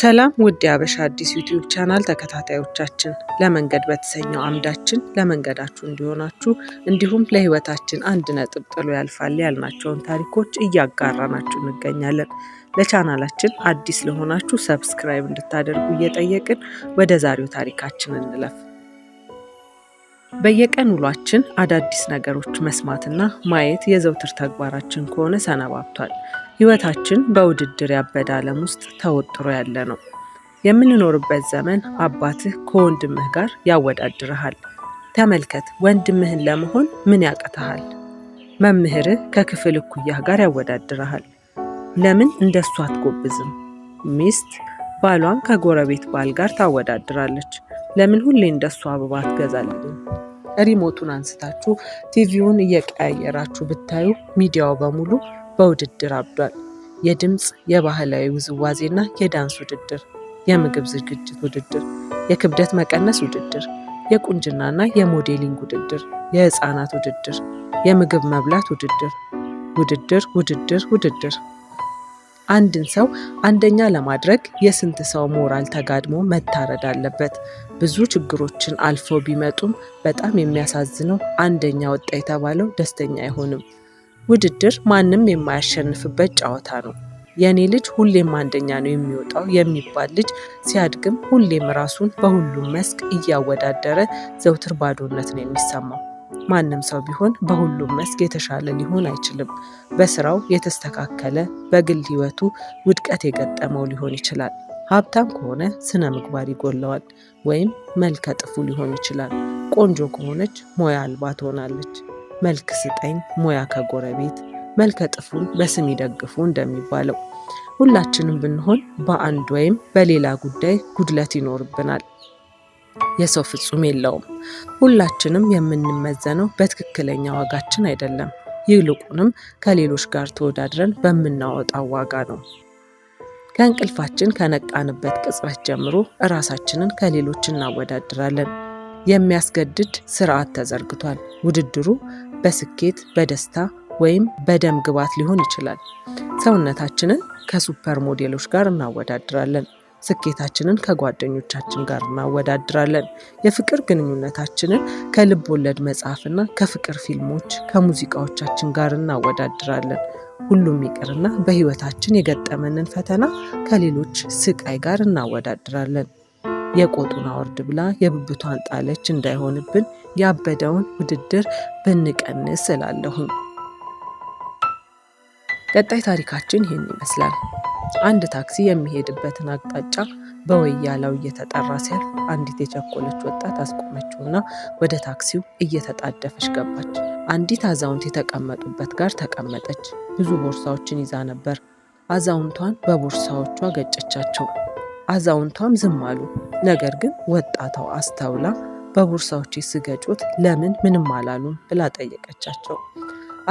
ሰላም ውድ የአበሻ አዲስ ዩቲዩብ ቻናል ተከታታዮቻችን፣ ለመንገድ በተሰኘው አምዳችን ለመንገዳችሁ እንዲሆናችሁ እንዲሁም ለሕይወታችን አንድ ነጥብ ጥሎ ያልፋል ያልናቸውን ታሪኮች እያጋራናችሁ እንገኛለን። ለቻናላችን አዲስ ለሆናችሁ ሰብስክራይብ እንድታደርጉ እየጠየቅን ወደ ዛሬው ታሪካችን እንለፍ። በየቀን ውሏችን አዳዲስ ነገሮች መስማትና ማየት የዘውትር ተግባራችን ከሆነ ሰነባብቷል። ህይወታችን በውድድር ያበደ ዓለም ውስጥ ተወጥሮ ያለ ነው። የምንኖርበት ዘመን አባትህ ከወንድምህ ጋር ያወዳድርሃል። ተመልከት፣ ወንድምህን ለመሆን ምን ያቅትሃል? መምህርህ ከክፍል እኩያህ ጋር ያወዳድርሃል። ለምን እንደሱ አትጎብዝም? ሚስት ባሏን ከጎረቤት ባል ጋር ታወዳድራለች። ለምን ሁሌ እንደሱ አበባ አትገዛልኝም? ሪሞቱን አንስታችሁ ቲቪውን እየቀያየራችሁ ብታዩ ሚዲያው በሙሉ በውድድር አብዷል። የድምፅ፣ የባህላዊ ውዝዋዜና የዳንስ ውድድር፣ የምግብ ዝግጅት ውድድር፣ የክብደት መቀነስ ውድድር፣ የቁንጅናና የሞዴሊንግ ውድድር፣ የህፃናት ውድድር፣ የምግብ መብላት ውድድር፣ ውድድር፣ ውድድር፣ ውድድር አንድን ሰው አንደኛ ለማድረግ የስንት ሰው ሞራል ተጋድሞ መታረድ አለበት? ብዙ ችግሮችን አልፎ ቢመጡም በጣም የሚያሳዝነው አንደኛ ወጣ የተባለው ደስተኛ አይሆንም። ውድድር ማንም የማያሸንፍበት ጨዋታ ነው። የእኔ ልጅ ሁሌም አንደኛ ነው የሚወጣው የሚባል ልጅ ሲያድግም ሁሌም ራሱን በሁሉም መስክ እያወዳደረ ዘውትር ባዶነት ነው የሚሰማው። ማንም ሰው ቢሆን በሁሉም መስክ የተሻለ ሊሆን አይችልም። በስራው የተስተካከለ፣ በግል ህይወቱ ውድቀት የገጠመው ሊሆን ይችላል። ሀብታም ከሆነ ስነ ምግባር ይጎለዋል ወይም መልከ ጥፉ ሊሆን ይችላል። ቆንጆ ከሆነች ሙያ አልባ ትሆናለች። መልክ ስጠኝ ሙያ ከጎረቤት፣ መልከ ጥፉን በስም ይደግፉ እንደሚባለው ሁላችንም ብንሆን በአንድ ወይም በሌላ ጉዳይ ጉድለት ይኖርብናል። የሰው ፍጹም የለውም። ሁላችንም የምንመዘነው በትክክለኛ ዋጋችን አይደለም፣ ይልቁንም ከሌሎች ጋር ተወዳድረን በምናወጣው ዋጋ ነው። ከእንቅልፋችን ከነቃንበት ቅጽበት ጀምሮ እራሳችንን ከሌሎች እናወዳድራለን። የሚያስገድድ ስርዓት ተዘርግቷል። ውድድሩ በስኬት በደስታ ወይም በደም ግባት ሊሆን ይችላል። ሰውነታችንን ከሱፐር ሞዴሎች ጋር እናወዳድራለን። ስኬታችንን ከጓደኞቻችን ጋር እናወዳድራለን። የፍቅር ግንኙነታችንን ከልብ ወለድ መጽሐፍና ከፍቅር ፊልሞች፣ ከሙዚቃዎቻችን ጋር እናወዳድራለን። ሁሉም ይቅርና በህይወታችን የገጠመንን ፈተና ከሌሎች ስቃይ ጋር እናወዳድራለን። የቆጡን አወርድ ብላ የብብቷን ጣለች እንዳይሆንብን ያበደውን ውድድር ብንቀንስ እላለሁኝ። ቀጣይ ታሪካችን ይህን ይመስላል። አንድ ታክሲ የሚሄድበትን አቅጣጫ በወያላው እየተጠራ ሲያልፍ አንዲት የቸኮለች ወጣት አስቆመችውና ወደ ታክሲው እየተጣደፈች ገባች። አንዲት አዛውንት የተቀመጡበት ጋር ተቀመጠች። ብዙ ቦርሳዎችን ይዛ ነበር። አዛውንቷን በቦርሳዎቿ ገጨቻቸው። አዛውንቷም ዝም አሉ። ነገር ግን ወጣቷ አስተውላ በቦርሳዎች ስገጩት ለምን ምንም አላሉም ብላ ጠየቀቻቸው።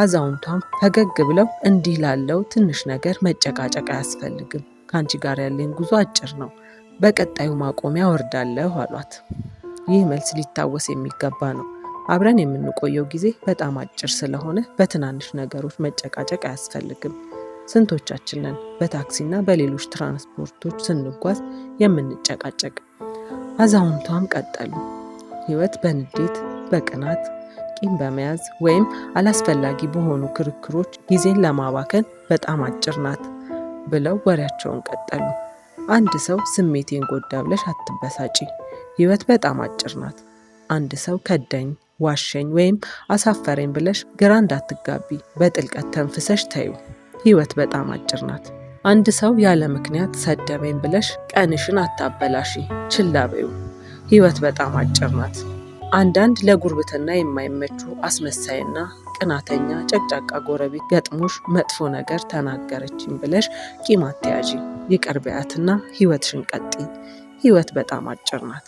አዛውንቷም ፈገግ ብለው እንዲህ ላለው ትንሽ ነገር መጨቃጨቅ አያስፈልግም፣ ከአንቺ ጋር ያለኝ ጉዞ አጭር ነው፣ በቀጣዩ ማቆሚያ ወርዳለሁ አሏት። ይህ መልስ ሊታወስ የሚገባ ነው። አብረን የምንቆየው ጊዜ በጣም አጭር ስለሆነ በትናንሽ ነገሮች መጨቃጨቅ አያስፈልግም። ስንቶቻችንን በታክሲና በሌሎች ትራንስፖርቶች ስንጓዝ የምንጨቃጨቅ? አዛውንቷም ቀጠሉ። ህይወት በንዴት በቅናት ቂም በመያዝ ወይም አላስፈላጊ በሆኑ ክርክሮች ጊዜን ለማባከን በጣም አጭር ናት ብለው ወሬያቸውን ቀጠሉ። አንድ ሰው ስሜቴን ጎዳ ብለሽ አትበሳጪ፣ ህይወት በጣም አጭር ናት። አንድ ሰው ከዳኝ፣ ዋሸኝ ወይም አሳፈረኝ ብለሽ ግራ እንዳትጋቢ፣ በጥልቀት ተንፍሰሽ ተዩ፣ ህይወት በጣም አጭር ናት። አንድ ሰው ያለ ምክንያት ሰደበኝ ብለሽ ቀንሽን አታበላሺ፣ ችላ በዩ፣ ህይወት በጣም አጭር ናት። አንዳንድ ለጉርብትና የማይመቹ አስመሳይና ቅናተኛ ጨቅጫቃ ጎረቤት ገጥሞሽ መጥፎ ነገር ተናገረችኝ ብለሽ ቂም አትያዢ። ይቅር በያትና ህይወትሽን ቀጥይ። ህይወት በጣም አጭር ናት።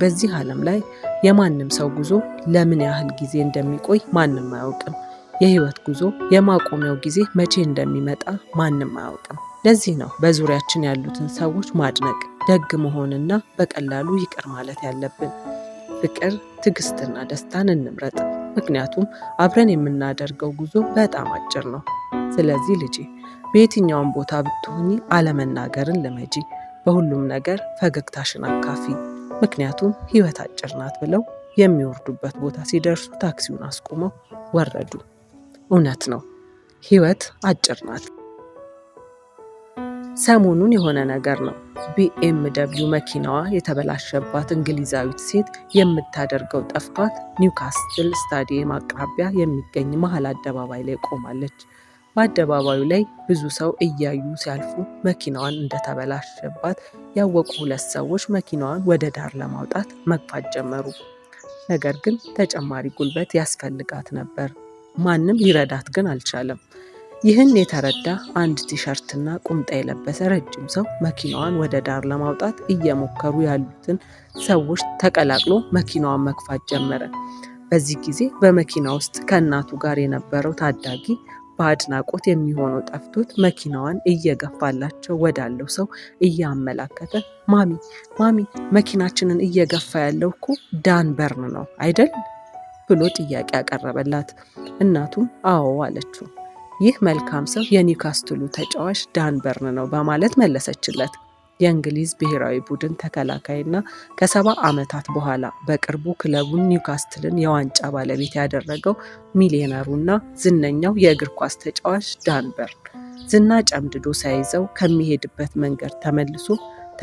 በዚህ ዓለም ላይ የማንም ሰው ጉዞ ለምን ያህል ጊዜ እንደሚቆይ ማንም አያውቅም። የህይወት ጉዞ የማቆሚያው ጊዜ መቼ እንደሚመጣ ማንም አያውቅም። ለዚህ ነው በዙሪያችን ያሉትን ሰዎች ማድነቅ፣ ደግ መሆንና በቀላሉ ይቅር ማለት ያለብን። ፍቅር፣ ትዕግስትና ደስታን እንምረጥ። ምክንያቱም አብረን የምናደርገው ጉዞ በጣም አጭር ነው። ስለዚህ ልጄ በየትኛውም ቦታ ብትሆኚ አለመናገርን ልመጂ። በሁሉም ነገር ፈገግታሽን አካፊ። ምክንያቱም ህይወት አጭር ናት ብለው የሚወርዱበት ቦታ ሲደርሱ ታክሲውን አስቁመው ወረዱ። እውነት ነው፣ ህይወት አጭር ናት። ሰሞኑን የሆነ ነገር ነው። ቢኤምደብሊው መኪናዋ የተበላሸባት እንግሊዛዊት ሴት የምታደርገው ጠፍቷት ኒውካስትል ስታዲየም አቅራቢያ የሚገኝ መሀል አደባባይ ላይ ቆማለች። በአደባባዩ ላይ ብዙ ሰው እያዩ ሲያልፉ መኪናዋን እንደተበላሸባት ያወቁ ሁለት ሰዎች መኪናዋን ወደ ዳር ለማውጣት መግፋት ጀመሩ። ነገር ግን ተጨማሪ ጉልበት ያስፈልጋት ነበር። ማንም ሊረዳት ግን አልቻለም። ይህን የተረዳ አንድ ቲሸርትና ቁምጣ የለበሰ ረጅም ሰው መኪናዋን ወደ ዳር ለማውጣት እየሞከሩ ያሉትን ሰዎች ተቀላቅሎ መኪናዋን መግፋት ጀመረ። በዚህ ጊዜ በመኪና ውስጥ ከእናቱ ጋር የነበረው ታዳጊ በአድናቆት የሚሆነው ጠፍቶት መኪናዋን እየገፋላቸው ወዳለው ሰው እያመላከተ ማሚ ማሚ መኪናችንን እየገፋ ያለው እኮ ዳን በርን ነው አይደል? ብሎ ጥያቄ ያቀረበላት። እናቱም አዎ አለችው። ይህ መልካም ሰው የኒውካስትሉ ተጫዋች ዳንበርን ነው በማለት መለሰችለት። የእንግሊዝ ብሔራዊ ቡድን ተከላካይና ከሰባ ዓመታት በኋላ በቅርቡ ክለቡን ኒውካስትልን የዋንጫ ባለቤት ያደረገው ሚሊዮነሩና ዝነኛው የእግር ኳስ ተጫዋች ዳንበር ዝና ጨምድዶ ሳይዘው ከሚሄድበት መንገድ ተመልሶ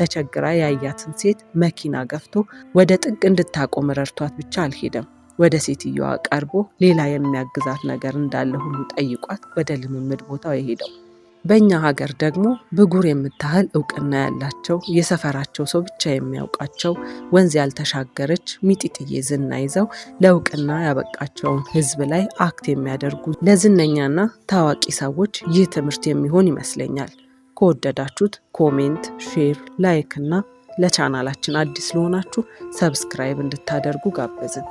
ተቸግራ ያያትን ሴት መኪና ገፍቶ ወደ ጥግ እንድታቆም ረድቷት ብቻ አልሄደም። ወደ ሴትየዋ ቀርቦ ሌላ የሚያግዛት ነገር እንዳለ ሁሉ ጠይቋት ወደ ልምምድ ቦታው የሄደው። በእኛ ሀገር ደግሞ ብጉር የምታህል እውቅና ያላቸው የሰፈራቸው ሰው ብቻ የሚያውቃቸው ወንዝ ያልተሻገረች ሚጢጥዬ ዝና ይዘው ለእውቅና ያበቃቸውን ሕዝብ ላይ አክት የሚያደርጉ ለዝነኛና ታዋቂ ሰዎች ይህ ትምህርት የሚሆን ይመስለኛል። ከወደዳችሁት ኮሜንት፣ ሼር፣ ላይክ እና ለቻናላችን አዲስ ለሆናችሁ ሰብስክራይብ እንድታደርጉ ጋበዝን።